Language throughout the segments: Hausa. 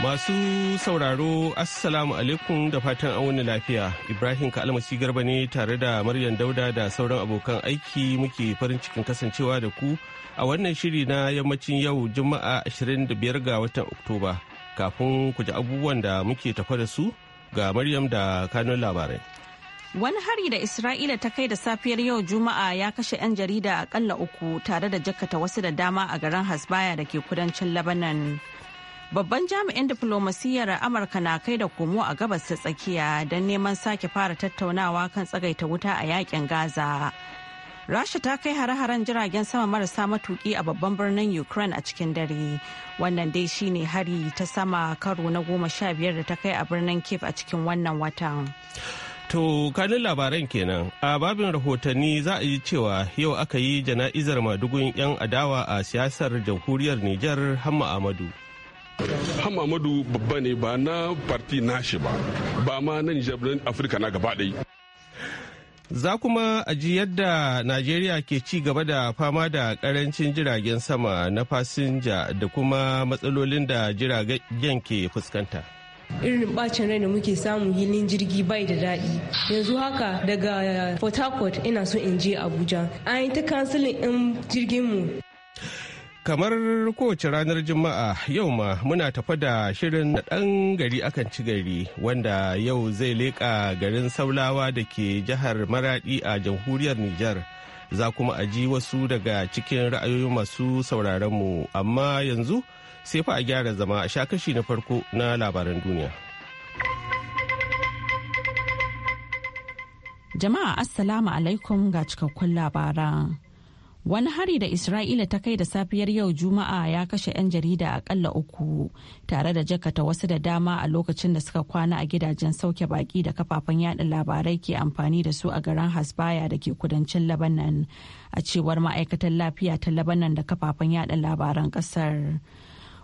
Masu sauraro Assalamu alaikum da fatan an wani lafiya. Ibrahim Kalmasi Garba ne tare da Maryam Dauda da sauran abokan aiki muke farin cikin kasancewa da ku a wannan shiri na yammacin yau Juma'a 25 ga watan Oktoba. Kafin ku ji abubuwan da muke tafa da su ga Maryam da kanun labarai. Wani hari da Isra'ila ta kai da safiyar yau Juma'a ya kashe 'yan jarida akalla uku tare da jakata wasu da dama a garin Hasbaya da ke kudancin Lebanon. babban jami'in diflomasiyyar amurka na kai da komo a gabas ta tsakiya don neman sake fara tattaunawa kan tsagaita wuta a yakin gaza rasha ta kai hare-haren jiragen sama marasa matuki a babban birnin ukraine a cikin dare wannan dai shine hari ta sama karo na goma sha biyar da ta kai a birnin kif a cikin wannan watan To kanin labaran kenan a babin rahotanni za a yi cewa yau aka yi jana'izar madugun 'yan adawa a siyasar jamhuriyar Nijar Hamma Amadu. hamamadu babba ne ba na parti nashi ba ba ma na nijar afirka na gaba ɗai Za kuma a ji yadda Najeriya ke ci gaba da fama da karancin jiragen sama na fasinja da kuma matsalolin da jiragen ke fuskanta. irin bacin rai da muke samu hilin jirgi bai da daɗi yanzu haka daga port harcourt ina so in je abuja an yi ta kansilin in mu. kamar kowace ranar juma'a yau ma muna tafa da shirin na ɗan gari akan ci gari wanda yau zai leƙa garin saulawa da ke jihar maradi a jamhuriyar nijar za kuma a ji wasu daga cikin ra'ayoyi masu mu amma yanzu sai fa a gyara zama a sha kashi na farko na labaran duniya jama'a assalamu alaikum ga cikakkun labaran Wani hari da Isra'ila ta kai da safiyar yau Juma'a ya kashe 'yan jarida akalla uku tare da jakata wasu da dama a lokacin da suka kwana a gidajen sauke baki da kafafen yaɗa labarai ke amfani da su a garin Hasbaya da ke kudancin Labanan a cewar ma'aikatan lafiya ta Labanan da kafafen yaɗa labaran ƙasar.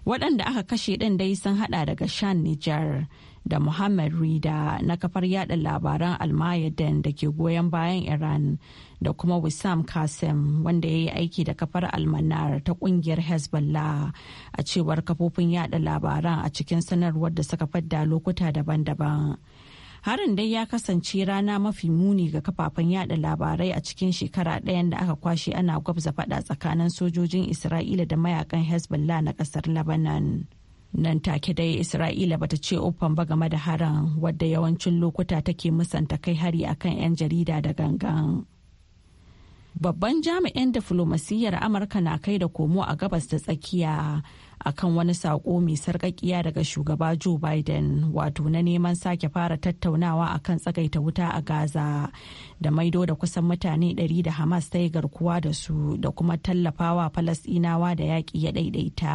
Waɗanda aka kashe ɗin dai sun haɗa daga Shan Nijar, da Muhammad Rida na kafar yada labaran Almayadan da ke goyon bayan Iran da kuma Wissam Kasem wanda ya yi aiki da kafar Almanar ta kungiyar Hezbollah a cewar kafofin yada labaran a cikin sanarwar da suka fadda lokuta daban-daban. Harin dai ya kasance rana mafi muni ga kafafen yada labarai a cikin shekara ɗayan da aka kwashe ana gwabza faɗa tsakanin sojojin Isra'ila da mayakan Hezbollah na ƙasar Lebanon. nan take dai isra'ila bata ce uffan ba game da haran wadda yawancin lokuta take musanta kai hari akan 'yan jarida da gangan babban jami'in diflomasiyyar amurka na kai da komo a gabas da tsakiya akan wani saƙo mai sarƙaƙiya daga shugaba joe biden wato na neman sake fara tattaunawa akan tsagaita wuta a gaza da maido da kusan mutane 100 da hamas ta yi garkuwa da su da kuma tallafawa falasɗinawa da yaƙi ya ɗaiɗaita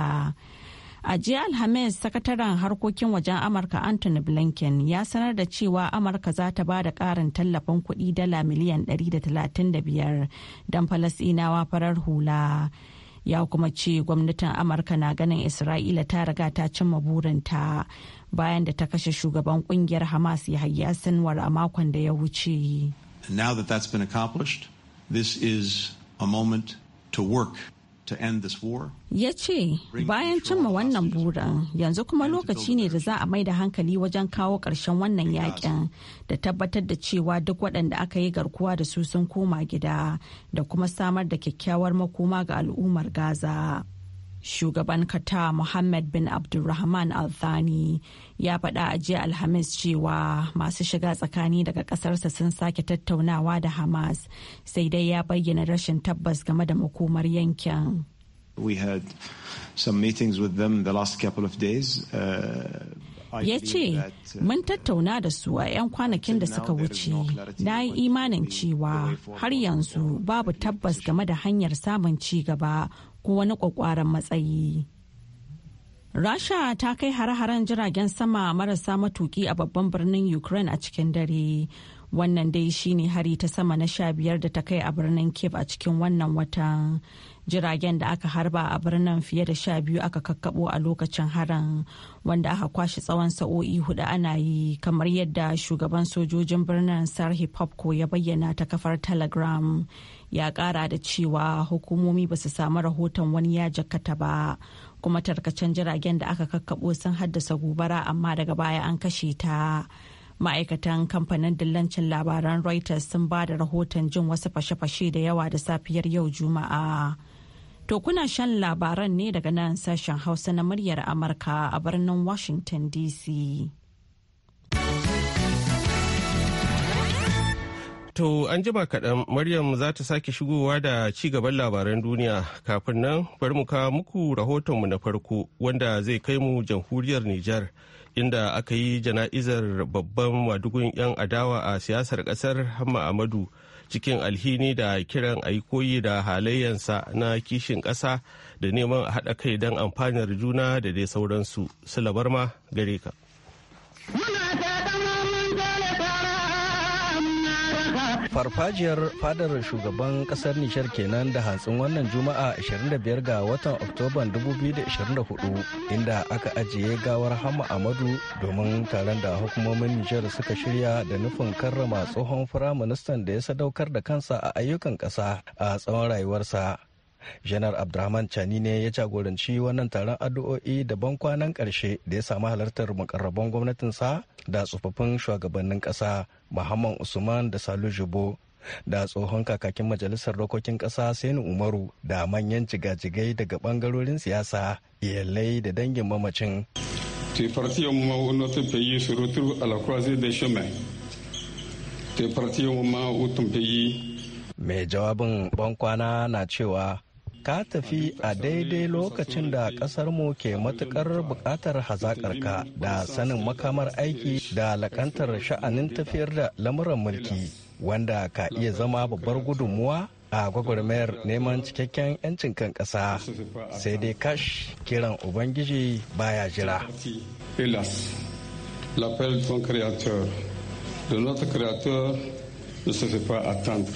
A jiya Alhamis, sakataren harkokin wajen Amurka Anthony Blinken ya sanar da cewa Amurka za ta ba da ƙarin tallafin kuɗi dala miliyan 135 don Falasɗinawa farar hula. Ya kuma ce gwamnatin Amurka na ganin Isra'ila ta riga ta cimma burinta bayan da ta kashe shugaban kungiyar Hamas Yahya Sinwar a makon da ya wuce. And now that that's been accomplished, this is a moment to work Ya ce, bayan cimma wannan burin, yanzu kuma lokaci ne da za a mai da hankali wajen kawo ƙarshen wannan yakin da tabbatar da cewa duk waɗanda aka yi garkuwa da su sun koma gida da kuma samar da kyakkyawar makoma ga al'ummar Gaza. Shugaban kata Mohammed bin Abdulrahman Al Thani ya faɗa a jiya Alhamis cewa masu shiga tsakani daga ƙasarsa sun sake tattaunawa da Hamas sai dai ya bayyana rashin tabbas game da makomar yankin. We had some meetings with them the last couple of days. Uh... ya ce uh, mun tattauna da su a 'yan kwanakin da suka wuce na yi imanin cewa har yanzu babu tabbas game da hanyar samun ci gaba ko wani kwakwaran matsayi. Rasha ta kai hare-haren jiragen sama marasa matuki a babban birnin Ukraine a cikin dare. Wannan dai shine hari ta sama na sha biyar da ta kai a birnin Kiev a cikin wannan watan. Jiragen da aka harba a birnin fiye da sha biyu aka kakkabo a lokacin harin wanda aka kwashe tsawon sa'o'i hudu ana yi kamar yadda shugaban sojojin birnin Sarhi Popko ya bayyana ta kafar Telegram. ya kara da cewa hukumomi ba su samu rahoton wani ya jakkata ba kuma tarkacen jiragen da aka kakkabo sun haddasa gobara amma daga baya an kashe ta ma'aikatan kamfanin dillancin labaran reuters sun ba da rahoton jin wasu fashe-fashe da yawa da safiyar yau juma'a to kuna shan labaran ne daga nan sashen hausa na muryar amurka a birnin washington dc To an jima kaɗan Maryam za ta sake shigowa da ci gaban labaran duniya kafin nan bari mu kawo muku rahotonmu na farko wanda zai kai mu jamhuriyar Nijar inda aka yi jana'izar babban madugun 'yan adawa a siyasar ƙasar Hamma Amadu cikin alhini da kiran a yi koyi da halayyansa na kishin ƙasa da neman a haɗa kai don amfanar juna da dai sauransu. Sulabar ma gare ka. farfajiyar fadar shugaban kasar nishar kenan da hatsin wannan juma'a 25 ga watan oktoban 2024 inda aka ajiye gawar hama amadu domin taron da hukumomin nishar suka shirya da nufin karrama tsohon firaministan da ya sadaukar da kansa a ayyukan kasa a tsawon rayuwarsa janar abdurrahman chani ne ya jagoranci wannan taron addu'o'i da kwanan karshe da ya samu halartar makarraban gwamnatinsa da tsofaffin shugabannin ƙasa muhammad usman da salu jubo da tsohon kakakin majalisar dokokin ƙasa sainu umaru da manyan jigajigai daga bangarorin siyasa iyalai da dangin mamacin mai jawabin bankwana na cewa ka tafi a daidai lokacin da ƙasarmu ke matuƙar buƙatar hazaƙarka da sanin makamar aiki da lakantar sha'anin tafiyar da lamuran mulki wanda ka iya zama babbar gudunmuwa a gwagwarmayar neman cikakken 'yancin kan ƙasa sai dai kash kiran ubangiji baya jira L'appel de ton créateur, de notre créateur, ne se fait pas attendre.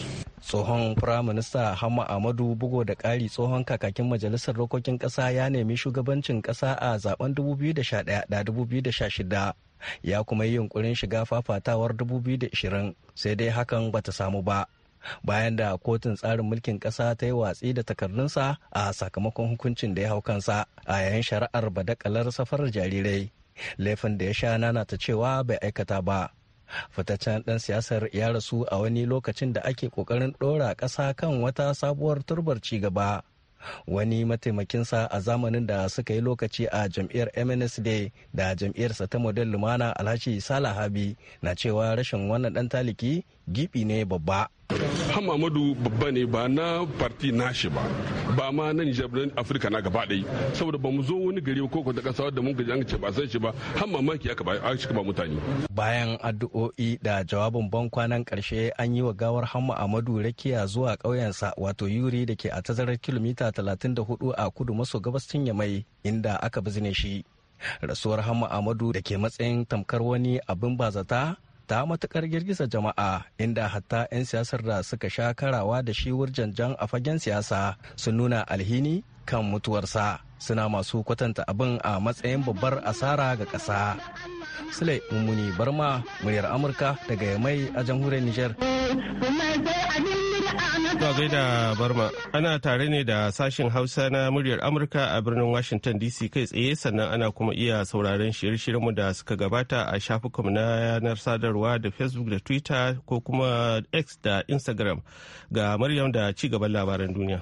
tsohon firaminista hama amadu bugo da ƙari tsohon kakakin majalisar dokokin ƙasa ya nemi shugabancin ƙasa a zaben 2011 da 2016 ya kuma yi yunkurin shiga fafatawar 2020 sai dai hakan bata samu ba bayan da kotun tsarin mulkin ƙasa ta yi watsi da takardunsa a sakamakon hukuncin da ya hau kansa a yayin shari'ar badakalar safarar jarirai laifin da ya sha nana ta cewa bai aikata ba fitaccen ɗan siyasar ya rasu a wani lokacin da ake ƙoƙarin ɗora ƙasa kan wata sabuwar turbar ci gaba wani mataimakinsa a zamanin da suka yi lokaci a jam'iyyar day da jam'iyyarsa ta model lumana alhaji salahabi na cewa rashin wannan ɗan taliki gibi ne babba Hamamadu babba ne ba na parti nashi ba ba ma na Nijar Afirka na gaba ɗai saboda ba mu zo wani gari ko da ƙasa da mun gaji an ce ba san shi ba har mamaki aka ba aka ba mutane bayan addu'o'i da jawabin ban kwanan karshe an yi wa gawar Hamma Amadu rakiya zuwa ƙauyensa wato Yuri da ke a tazarar kilomita talatin da hudu a kudu maso gabas gabashin Yamai inda aka bizne shi rasuwar Hamma da ke matsayin tamkar wani abin bazata ta matukar girgiza jama'a inda hatta 'yan siyasar da suka sha karawa da shi jan a fagen siyasa su nuna alhini kan mutuwarsa suna masu kwatanta abin a matsayin babbar asara ga ƙasa. Sule Mummuni Barma, muryar Amurka daga Yamai a jamhuriyar Nijar. ba gaida Barma, ana tare ne da sashen Hausa na muryar Amurka a birnin Washington DC kai tsaye sannan ana kuma iya sauraron shirye-shiryenmu da suka gabata a shafukan na yanar sadarwa da Facebook da Twitter ko kuma X da Instagram ga Maryam da ci gaban labaran duniya.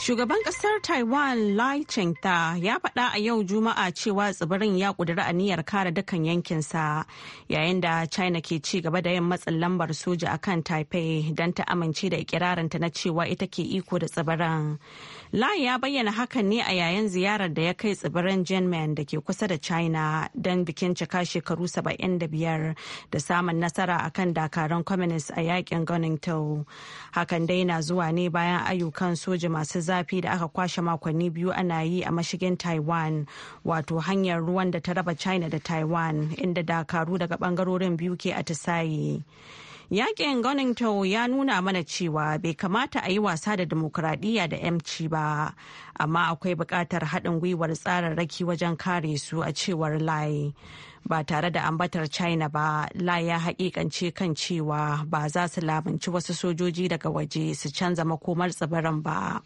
Shugaban kasar Taiwan Lai Cheng-ta ya faɗa a yau Juma'a cewa tsibirin ya a niyyar kare dukkan yankinsa yayin da China ke ci gaba da yin matsin lambar soja a kan Taipei don ta amince da ikirarinta na cewa ita ke iko da tsibirin. Lai ya bayyana hakan ne a yayin ziyarar da ya kai tsibirin Jinmen da ke kusa da China don bikin cika shekaru saba'in da biyar da samun nasara akan dakarun communist a yakin Gunnington. Hakan dai na zuwa ne bayan ayyukan soja masu zafi zafi da aka kwashe makonni biyu ana yi a mashigin taiwan wato hanyar ruwan da ta raba china da taiwan inda dakaru daga bangarorin biyu ke atisaye yakin ganintau ya nuna mana cewa bai kamata a yi wasa da demokuraɗiyya da yamci ba amma akwai buƙatar haɗin gwiwar tsararraki wajen kare su a cewar lai ba tare da ambatar china ba lai ya haƙiƙance kan cewa ba za su lamunci wasu sojoji daga waje su canza makomar tsibirin ba.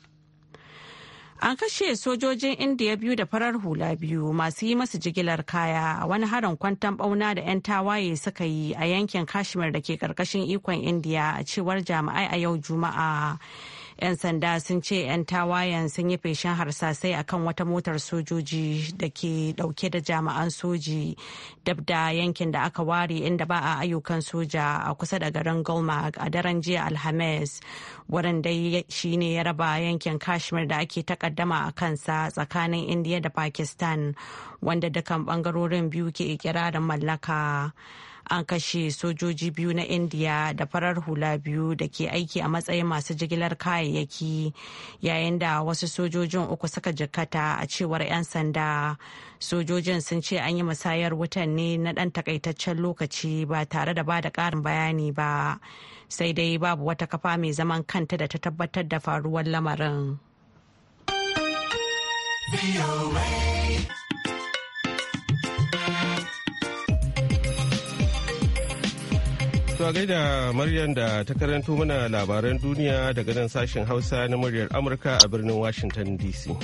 An kashe sojojin Indiya biyu da farar hula biyu masu yi masu jigilar kaya a wani harin kwantan bauna da 'yan tawaye suka yi a yankin Kashmir da ke karkashin ikon Indiya a cewar jami'ai a yau Juma'a. 'yan sanda sun ce 'yan tawayen sun yi feshin harsasai akan wata motar sojoji da ke dauke da jami'an soji dab da yankin da aka ware inda ba a ayyukan soja a kusa da garin gulmarg a daren jiya alhamis wurin dai shine ya raba yankin kashmir da ake takaddama a kansa tsakanin indiya da pakistan wanda dukan bangarorin biyu ke ikirarin mallaka an kashe sojoji biyu na indiya da farar hula biyu da ke aiki a matsayin masu jigilar kayayyaki yayin da wasu sojojin uku suka jikata a cewar 'yan sanda sojojin sun ce an yi musayar wutan ne na ɗan takaitaccen lokaci ba tare da ba da ƙarin bayani ba sai dai babu wata kafa mai zaman kanta da ta tabbatar da faruwar lamarin. To gaida Maryam da ta karanto mana labaran duniya daga nan sashen Hausa na muryar Amurka a birnin Washington DC.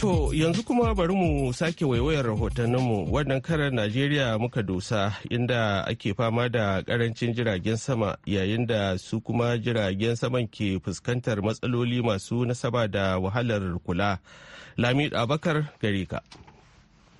To yanzu kuma bari mu sake waiwayar rahotanninmu wannan karar Najeriya muka dosa inda ake fama da karancin jiragen sama yayin da su kuma jiragen saman ke fuskantar matsaloli masu nasaba da wahalar kula. Lamid Abakar gare ka.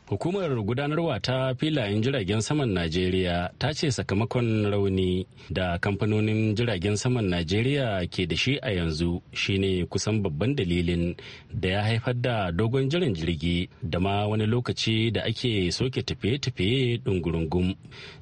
Hukumar gudanarwa ta filayen jiragen saman Najeriya ta ce sakamakon rauni da kamfanonin jiragen saman Najeriya ke da shi a yanzu shine kusan babban dalilin da ya haifar da dogon jiran jirgi da ma wani lokaci da ake soke tafiye-tafiye ɗungurungum.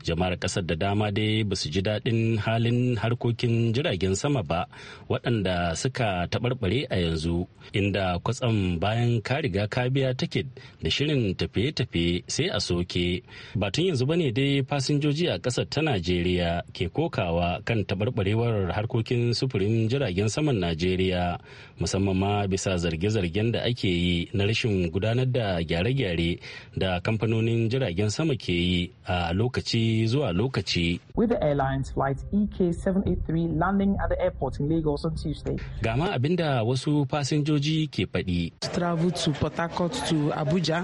Jama'ar ƙasar da dama dai ba su ji daɗin halin harkokin jiragen sama ba waɗanda suka taɓarɓare a yanzu inda kwatsam bayan ka riga ka biya tiket da shirin tafiye tafiye sai a soke batun yanzu bane dai fasinjoji a ƙasar ta najeriya ke kokawa kan taɓarɓarewar harkokin sufurin jiragen saman najeriya musamman ma bisa zarge-zargen da ake yi na rashin gudanar da gyare-gyare da kamfanonin jiragen sama ke yi a lokaci zuwa lokaci with the airlines flight ek 783 landing at the airport in lagos on tuesday gama abinda wasu fasinjoji ke faɗi travel to port harcourt to abuja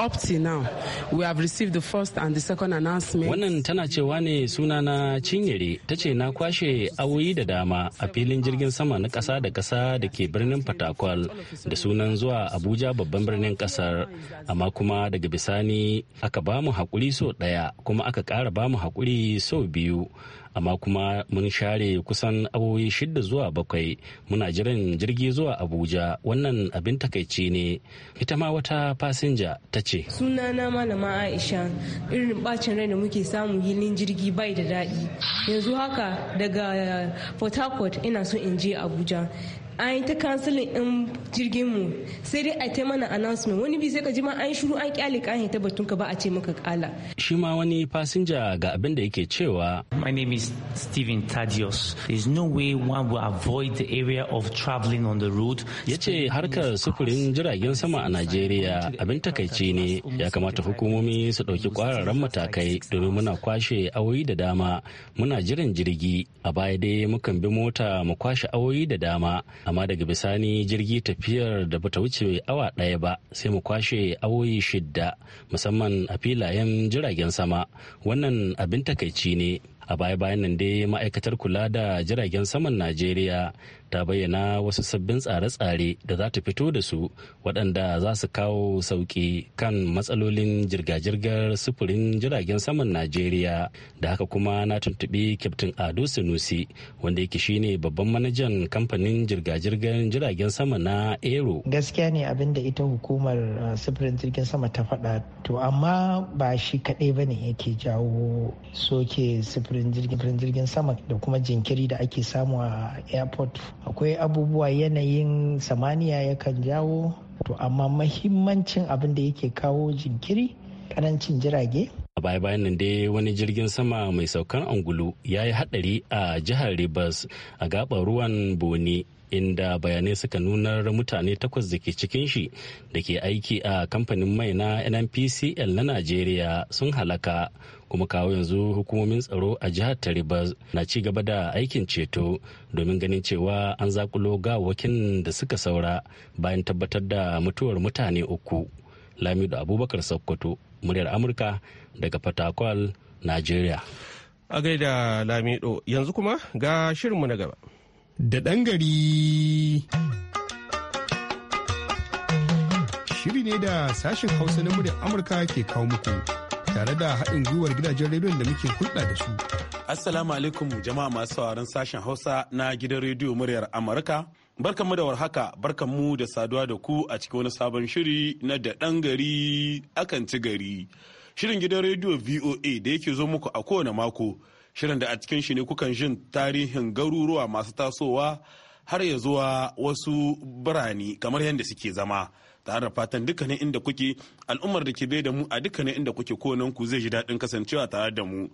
up city now we have received the first and the second announcement wannan tana cewa ne suna na cinyere ta ce na kwashe awoyi da dama a filin jirgin sama na kasa da kasa da ke birnin fatakwal da sunan zuwa abuja babban birnin kasar amma kuma daga bisani aka bamu mu haƙuri so ɗaya kuma aka ƙara bamu mu haƙuri so biyu amma kuma mun share kusan awoyi shida zuwa bakwai muna jiran jirgi zuwa abuja wannan abin takaici ne ita ma wata fasinja ta ce sunana malama aisha irin bacin rai da muke samu hilin jirgi bai da daɗi yanzu haka daga port harcourt ina so in je abuja an yi ta kansilin in jirgin mu sai dai a ta mana announcement wani bi sai ka ji ma an shiru an kyale kan ta batun ka ba a ce maka kala shi ma wani fasinja ga abin da yake cewa my name is Steven Tadios is no way one will avoid the area of traveling on the road yace harkar sufurin jiragen sama a Najeriya abin takaici ne ya kamata hukumomi su dauki kwararran matakai domin muna kwashe awoyi da dama muna jiran jirgi a baya dai mukan bi mota mu kwashe awoyi da dama amma daga bisani jirgi tafiyar da bata wuce awa ɗaya ba sai mu kwashe awoyi shidda musamman a filayen jiragen sama wannan abin takaici ne a baya-bayan nan dai ma'aikatar kula da jiragen saman najeriya ta bayyana wasu sabbin tsare-tsare da za ta fito da su waɗanda za su kawo sauƙi kan matsalolin jirga-jirgar sufurin jiragen saman najeriya da haka kuma na tuntuɓi kyaftin ado sanusi wanda yake shine babban manajan kamfanin jirga-jirgar jiragen sama na aero gaskiya ne abin da ita hukumar uh, sufurin jirgin sama ta faɗa to amma ba shi kaɗai ba ne yake jawo soke sufurin jirgin sama da kuma jinkiri da ake samu a airport akwai abubuwa yanayin samaniya yakan jawo to amma mahimmancin abin da yake kawo jinkiri karancin jirage a baya bayan nan dai wani jirgin sama mai saukan angulu ya yi hadari a jihar rivers a gabar ruwan boni inda bayanai suka nunar mutane takwas da ke cikin shi da ke aiki a kamfanin mai na nnpcl na najeriya sun halaka kuma kawo yanzu hukumomin tsaro a jihar tariba na ci gaba da aikin ceto domin ganin cewa an zakulo gawakin da suka saura bayan tabbatar da mutuwar mutane uku lamido abubakar sokoto muryar amurka daga fatakwal nigeria a gaida lamido yanzu kuma ga shirinmu na gaba da ɗan shiri ne da sashen hausa na muryar amurka ke kawo muku tare da haɗin gwiwar gidajen rediyon da muke hulɗa da su. Assalamu alaikum jama'a masu sauraron sashen Hausa na gidan rediyo muryar Amurka. Barkanmu da warhaka, barkanmu da saduwa da ku a cikin wani sabon shiri na da ɗan gari akan ci gari. Shirin gidan rediyo VOA da yake zo muku a kowane mako. Shirin da a cikin shi ne kukan jin tarihin garuruwa masu tasowa har ya zuwa wasu birane kamar yadda suke zama. tare da fatan dukkanin inda kuke al'ummar da ke bai da mu a dukkanin inda kuke kowannen ku zai ji daɗin kasancewa tare da mu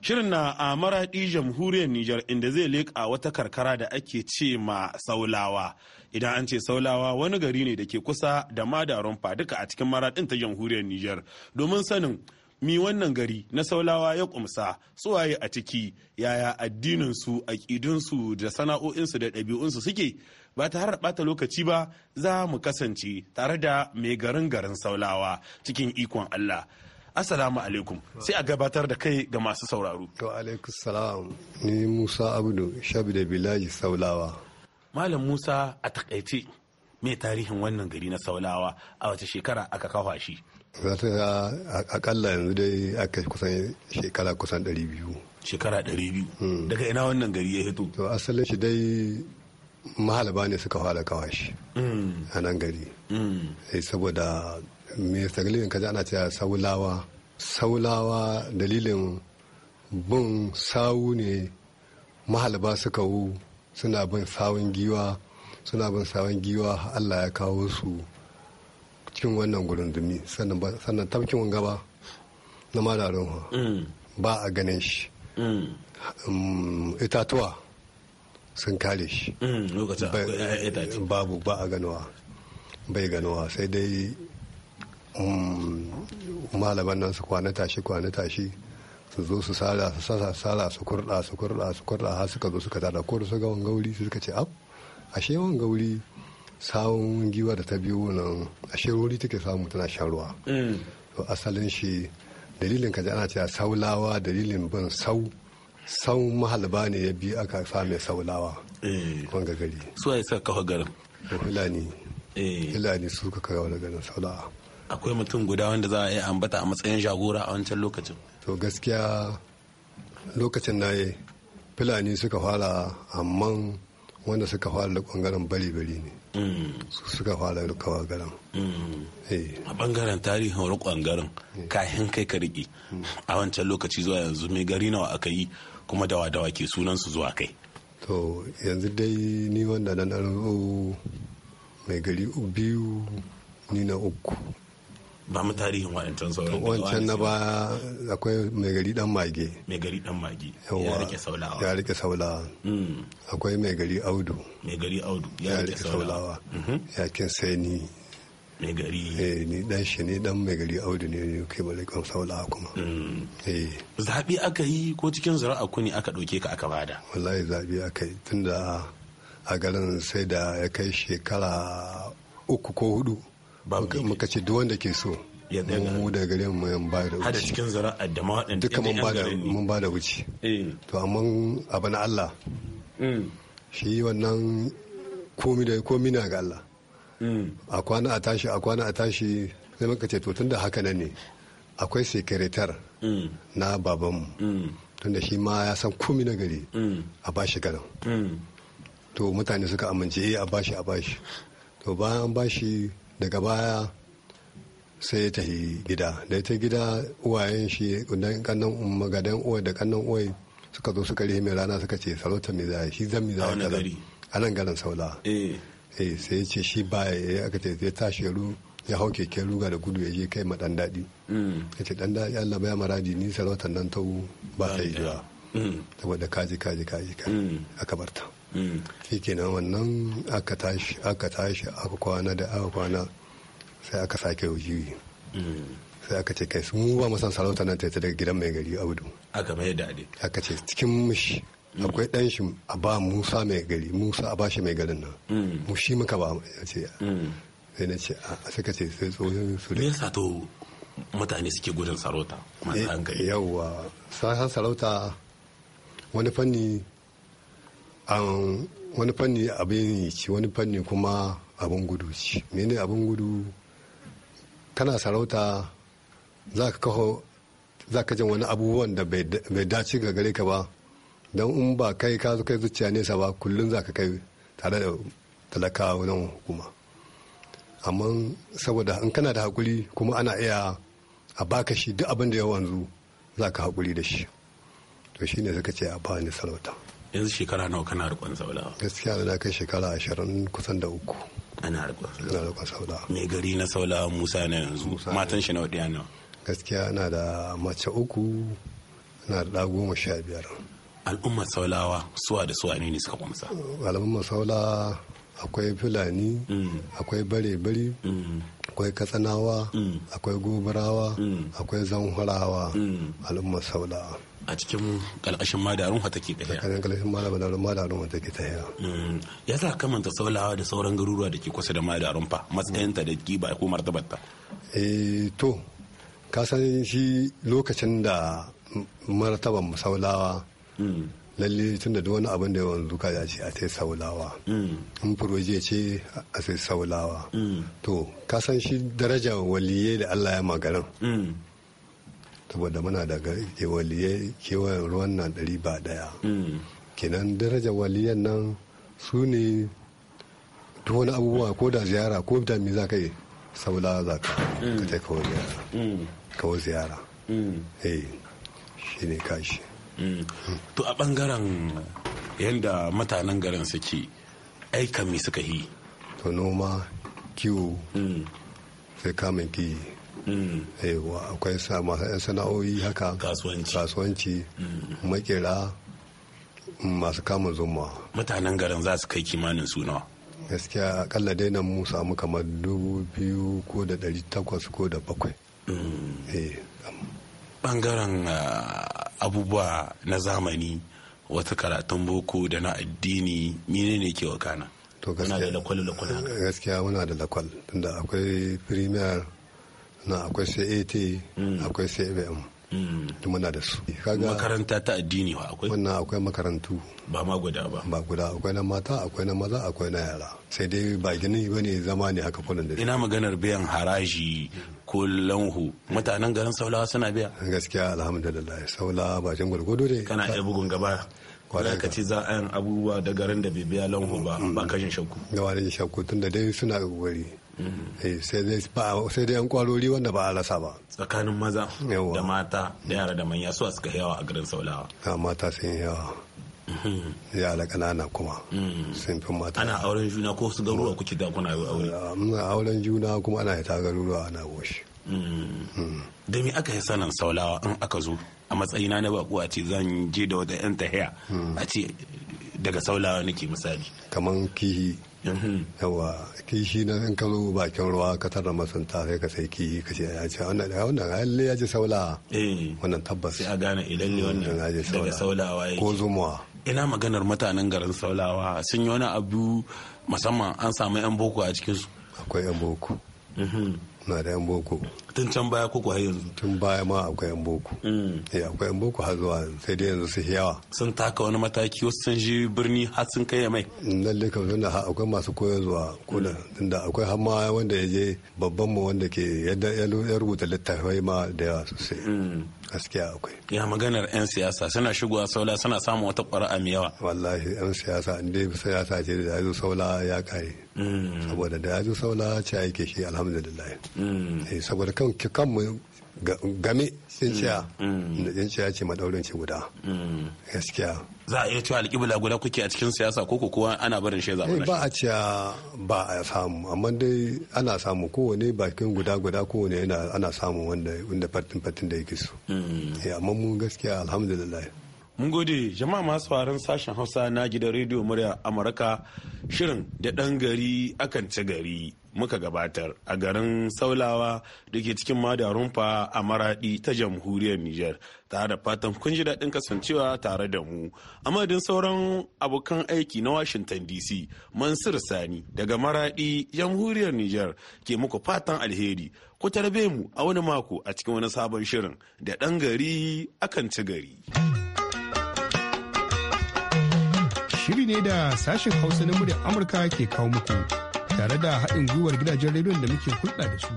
shirin na a maraɗi jamhuriyar Nijar inda zai leƙa wata karkara da ake ce ma saulawa idan an ce saulawa wani gari ne da ke kusa da madaron duka a cikin maraɗin ta jamhuriyar Nijar domin sanin mi wannan gari na saulawa ya kumsa suwaye a ciki yaya addininsu aƙidunsu da sana'o'insu da ɗabi'unsu suke ba tare da bata lokaci ba za mu kasance tare da mai garin garin saulawa cikin ikon Allah. Assalamu alaikum sai a gabatar da kai ga masu sauraro. To alaikum salam ni Musa Abdu Shabi da Bilaji Saulawa. Malam Musa a takaice me tarihin wannan gari na Saulawa a wace shekara aka kafa shi? Za ta akalla yanzu dai aka kusan shekara kusan 200. Shekara 200. Hmm. Daga ina wannan gari ya hito? To asalin shi dai mahalaba ne suka fara kawashi mm. a nan gari mm. eh, saboda me sagalin kaji ana cewa saulawa saulawa dalilin bin sawu ne mahalaba suka wu suna bin sawun giwa suna bin sawun giwa allah ya kawo su cikin wannan dumi sannan tafkin wanga ba na madarin mm. ba a ganin shi itatuwa sun kare shi mm, babu ba a ganuwa bai ganuwa sai dai mm, malaman nan su kwana tashi kwana tashi su zo su sara su sasa sara su kurda su kurda su kurda har suka zo suka tada ko su ga gauri su suka ce ab ashe gauri sawun giwa da ta biyu nan ashe rori take samu tana shan ruwa mm. to asalin shi dalilin kaji ana cewa saulawa dalilin bin sau san mahalba ne ya bi aka mai saulawa wanga eh. gari su ya sa kawo garin hulani hulani eh. su ka kawo da garin saulawa akwai mutum guda wanda za a yi ambata a matsayin jagora a wancan lokacin to gaskiya lokacin na yi fulani suka fara amma wanda suka fara da bangaren bari-bari ne mm. su suka fara da kawo garin mm. eh. a bangaren tarihin wani kwangaren. kahin kai ka riƙe mm. a wancan lokaci zuwa yanzu mai gari nawa aka yi kuma dawa dawa ke sunan su zuwa kai to yanzu dai ni wanda nan aro mai gari biyu ni na uku ba mu tarihin waɗancan sauran wancan na ba akwai mai gari dan mage mai gari dan mage ya rike saulawa ya rike saulawa mm. akwai mai gari audu mai gari audu ya rike saulawa mm-hmm. ya kin sai ni mai gari eh ni dan shi ne dan mai gari audu ne kai ba laikon saula kuma hmm. eh zabi aka yi ko cikin zara ku ne aka dauke ka aka bada wallahi zabi aka yi tunda a garin sai da ya kai shekara uku ko hudu muka ce duk wanda ke so mu da gari mu yan ba da wuce hada cikin zara'a da ma waɗanda duka mun ba da mun ba da wuce eh. to amma abu na Allah hmm. shi wannan komi da komi na ga Allah a kwana a tashi a kwana a tashi sai muka ce to da haka nan ne akwai sekretar na babanmu da shi ma ya san komi na gari a bashi garin to mutane suka amince eh, a bashi a bashi to bayan bashi daga baya sai ya tafi gida da ta gida uwayen shi kannan um, magadan uwa da kannan uwa suka zo suka rihe mai rana suka ce sarauta mai zai shi zan mai zai a nan garin saula eh. Eh, sai ya ce shi ba ya eh, aka ce zai tashi ru ya hau keke ruga da gudu ya je kai ma dan daɗi mm. ya ce dan daɗi Allah baya maradi ni sarautar nan ta ba ta yi zuwa mm. saboda kaji kaji kaji mm. aka kabarta. shi kenan wannan aka tashi aka tashi aka kwana da aka kwana sai aka sake wujiyi sai aka ce kai mu ba masan san nan ta yi ta daga gidan mai gari abudu aka mai daɗi. aka ce cikin mushi akwai ɗan shi a ba musa mai gari musa a bashi mai garin nan mm. mu shi muka ba ya ce mm. sai na ce a ah, suka ce sai tsohon su da yasa to mutane suke gudun sarauta masu hankali eh, yawwa sashen sarauta wani fanni wani fanni abin ci wani fanni kuma abin gudu ci mene abin gudu kana sarauta za ka kawo za ka jin wani abubuwan da bai dace ga gare ka ba don in ba kai ka kai zuciya nesa ba kullum za ka kai tare da talakawa wurin hukuma amma saboda in kana da hakuri kuma ana iya a baka shi duk abin da ya wanzu za ka hakuri da shi to shine suka ce a ba ni sarauta yanzu shekara nawa kana rikon saula gaskiya na kai shekara ashirin kusan da uku ana rikon saula mai gari na saula musa na yanzu matan shi nawa ɗaya nawa gaskiya na da mace uku na da goma sha biyar al'ummar saulawa suwa da suwa ne ne suka kumsa al'ummar saula akwai fulani mm. akwai bare-bari mm. akwai katsanawa mm. akwai gobarawa akwai zanhurawa al'ummar saulawa a cikin kalkashin madarun wata ke tafiya tsakanin kalkashin madarun madarun wata ke tafiya ya sa kamanta saulawa da sauran garuruwa da ke kusa da madarun fa matsayinta da kiba ko martabarta eh to ka san shi lokacin da martaban Saulawa. lalle tun da duk wani abin da yawan mm. zuka ya ce a sai saulawa in furoje ce a sai saulawa to ka san shi daraja waliye da allah ya magaran mm. saboda muna da waliye kewayen ruwan nan ɗari ba daya mm. kenan daraja waliyan nan su ne duk wani abubuwa ko da ziyara ko da me za ka yi saulawa za ka ka kawo ziyara kawo ziyara eh shi ne kashi to a bangaren yadda mutanen garin suke aika mai suka yi to noma kiwo hmm. sai kamun kiyi hmm. yawa akwai sana'o'i haka kasuwanci hmm. makera masu kama zuma mutanen garin za su kai kimanin suna gaskiya akalla daina nan mu samu kamar dubu biyu ko da ɗari takwas ko da bakwai bangaren eh, abubuwa na zamani wata karatun boko da na addini mine ne ke wakana to gaskiya muna da lakwal tunda akwai premier na akwai cat mm. akwai cbm da mm. na da su makaranta ta addini wa akwai wannan akwai makarantu ba ma guda ba ba guda akwai na mata akwai na maza akwai na yara sai dai ba gini ba ne zama ne haka kullum da ina maganar biyan haraji ko lanhu mutanen garin saulawa suna biya gaskiya alhamdulillah saula ba jin gwargwado ne kana iya bugun gaba kwarai ka ce za a abubuwa da garin da bai biya lanhu ba ba kashin shakku da shakku tun da dai suna kokari Eh, sai dai an kwarori wanda ba a rasa ba tsakanin maza da mata da yara da manya su suka yawa a garin saulawa a mata sun yawa mhm. yara ƙanana kuma mm. sun fi mata ana auren juna ko su garuruwa kuke da kuna yi aure muna auren juna kuma ana yi ta garuruwa ana goshi mm. mm. da me aka yi sanin saulawa in aka zo a matsayina na baku a ce zan je da wata yan tahiya a ce daga saulawa nake misali Kamar kihi yawa kishi na in ka zo bakin ruwa ka tara masanta sai ka sai kiyi ka ce ya ce wannan da wannan ya ji saula eh, wannan tabbas sai a gane idan ne mm, wannan daga saulawa yake ko zumuwa ina maganar mutanen garin saulawa sun yi wani abu musamman an samu yan boko a cikin su akwai yan boko mm-hmm. Na da yan boko tun can baya ko har yanzu tun baya ma akwai yan boko mm. eh akwai yan boko har zuwa sai dai yanzu su yawa sun taka wani mataki wasu sun ji birni har sun kai mai lalle kan sun akwai masu koyo zuwa kula tunda akwai har ma wanda ya je babban mu wanda ke ya rubuta littafai ma da yawa sosai mm. gaskiya akwai ya maganar yan siyasa suna shigowa saula suna samun wata ƙwara'a mai yawa wallahi yan siyasa in dai siyasa ce da yazo saula ya kare mm. saboda da yazo saula ce aike shi alhamdulillah mm. eh, saboda kan mu. game tsinciya mm. mm. da tsinciya ce madaurin ce guda mm. gaskiya za a iya cewa alƙibla guda kuke a cikin siyasa ko kuwa ana barin shi zaɓen eh, ba a ciya ba a samu amma dai ana samu kowane bakin guda guda kowane yana ana samu wanda fattin fattin da yake so eh, amma mun gaskiya alhamdulillah Mun gode jama'a masu sauraron sashen Hausa na gidan rediyo murya Amurka shirin da ɗan gari akan ci gari muka gabatar a garin Saulawa da ke cikin Madarunfa a Maraɗi ta jamhuriyar Nijar tare da fatan kun ji daɗin kasancewa tare da mu. A madadin sauran abokan aiki na Washington DC Mansur Sani daga Maraɗi jamhuriyar Nijar ke muku fatan alheri ku tarbe mu a wani mako a cikin wani sabon shirin da ɗan gari akan ci gari. shiri ne da sashen hausa na muryar amurka ke kawo muku tare da haɗin gwiwar gidajen rediyon da muke hulɗa da su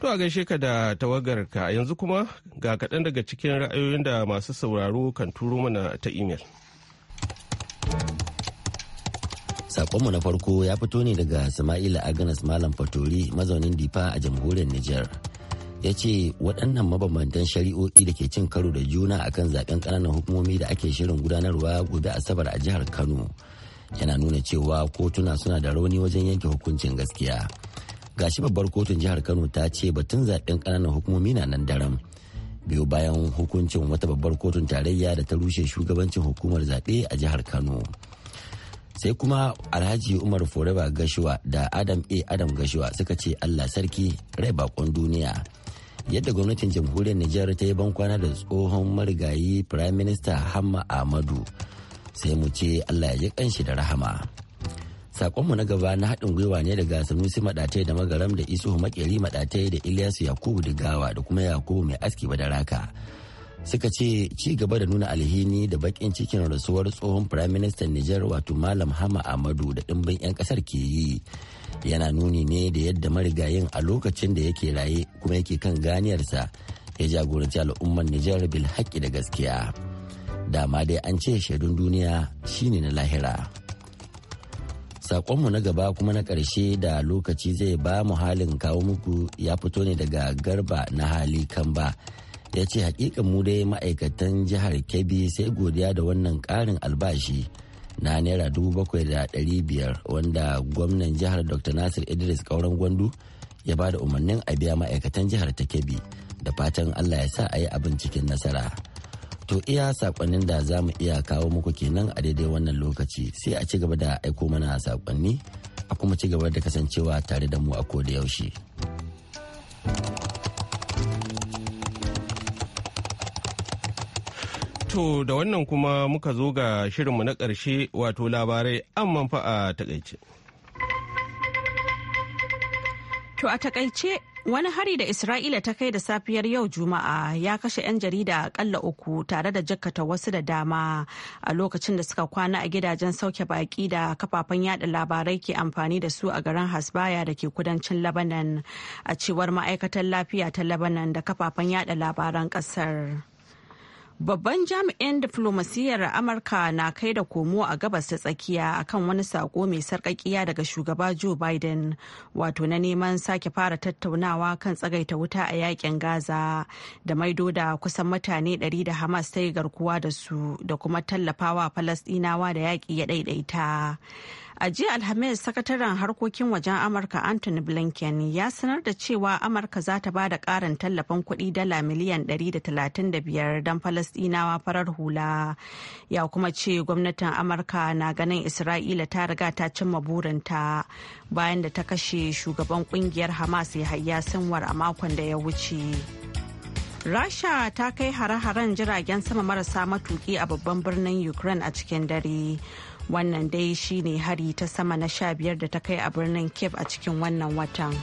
to a gaishe ka da tawagar ka yanzu kuma ga kaɗan daga cikin ra'ayoyin da masu sauraro kan turo mana ta imel sakonmu na farko ya fito ne daga sama'ila agnes malam fatori mazaunin difa a jamhuriyar niger ya ce waɗannan mabambantan shari'o'i da ke cin karo da juna a kan zaɓen ƙananan hukumomi da ake shirin gudanarwa gobe asabar a jihar kano yana nuna cewa kotuna suna da rauni wajen yanke hukuncin gaskiya gashi babbar kotun jihar kano ta ce batun zaɓen ƙananan hukumomi na nan daram biyu bayan hukuncin wata babbar kotun tarayya da ta rushe shugabancin hukumar zaɓe a jihar kano sai kuma alhaji umar foreba gashuwa da adam a adam gashuwa suka ce allah sarki rai bakon duniya yadda gwamnatin jamhuriyar Nijar ta yi bankwana da tsohon marigayi Prime Minister Hamma Ahmadu sai mu ce Allah ya ji kanshi da rahama. Sakonmu na gaba na haɗin gwiwa ne daga Sanusi Maɗatai da Magaram da isu Makeri Maɗatai da Ilyasu Yakubu Digawa da kuma Yakubu Mai Aski Badaraka. Suka ce ci gaba da nuna alhini da bakin cikin rasuwar tsohon prime minister Nijar wato Malam Hama Ahmadu da ɗimbin 'yan ƙasar ke yi. yana nuni ne da yadda marigayin a lokacin da yake raye kuma yake kan ganiyarsa ya jagoranci al'ummar Nijar bil haƙƙi da gaskiya. Dama dai an ce shaidun duniya shine na lahira. saƙonmu na gaba kuma na ƙarshe da lokaci zai ba mu halin kawo muku ya fito ne daga garba na hali kamba. Ya ce hakikan mu dai ma'aikatan jihar Kebbi sai godiya da wannan ƙarin albashi. na naira dubu bakwai da ɗari biyar wanda gwamnan jihar dr nasir idris kauran gwandu ya ba da umarnin a biya ma'aikatan jihar ta kebbi da fatan allah ya sa a yi abin cikin nasara to iya sakonnin da za mu iya kawo muku kenan a daidai wannan lokaci sai a ci gaba da aiko mana sakonni a kuma ci gaba da kasancewa tare da mu a ko da yaushe. to da wannan kuma muka zo ga shirinmu na ƙarshe wato labarai an manfa a takaice. To a takaice wani hari da Isra'ila ta kai da safiyar yau Juma'a ya kashe 'yan jarida akalla uku tare da jakkata wasu da dama a lokacin da suka kwana a gidajen sauke baki da kafafen yada labarai ke amfani da su a garin Hasbaya da ke kudancin Lebanon a cewar ma'aikatar lafiya ta Lebanon da kafafen yada labaran kasar. Babban jami'in diflomasiyyar Amurka na kai da komo a gabas ta tsakiya akan wani sako mai sarkakiya daga shugaba Joe Biden wato na neman sake fara tattaunawa kan tsagaita wuta a yakin Gaza da maido da kusan mutane 100 da Hamas ta yi garkuwa da su da kuma tallafawa Falasdinawa da yaƙi ya ɗaiɗaita. A jiya Alhamis sakataren harkokin wajen Amurka Anthony Blinken ya sanar da cewa Amurka za ta ba da ƙarin tallafin kuɗi dala miliyan 135 don Falasɗinawa farar hula. Ya kuma ce gwamnatin Amurka na ganin Isra'ila ta riga ta cimma burinta bayan da ta kashe shugaban kungiyar Hamas ya Sinwar a makon da ya wuce. Rasha ta kai hare-haren jiragen sama marasa matuki a babban birnin Ukraine a cikin dare. wannan dai shine hari ta sama na 15 da ta kai a birnin cape a cikin wannan watan.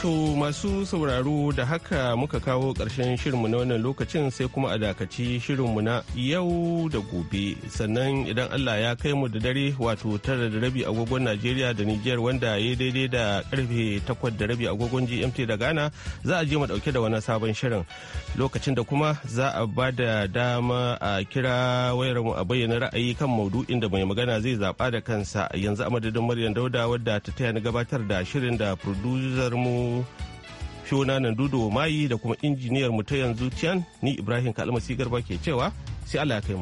To masu sauraro da haka muka kawo ƙarshen shirinmu na wannan lokacin sai kuma a dakaci shirinmu na yau da gobe. Sannan idan Allah ya kai mu da dare wato tara da rabi agogon Najeriya da Nijar wanda ya daidai da karfe takwas da rabi agogon GMT da Ghana za a je mu dauke da wani sabon shirin. Lokacin da kuma za a ba da dama a kira wayar mu a bayyana ra'ayi kan maudu'in da mai magana zai zaba da kansa yanzu a Maryam Dauda wadda ta taya ni gabatar da shirin da producer mu shona nan dudu mai da kuma injiniyar mu ta yanzu can ni ibrahim kalmasi garba ke cewa sai allah ya kai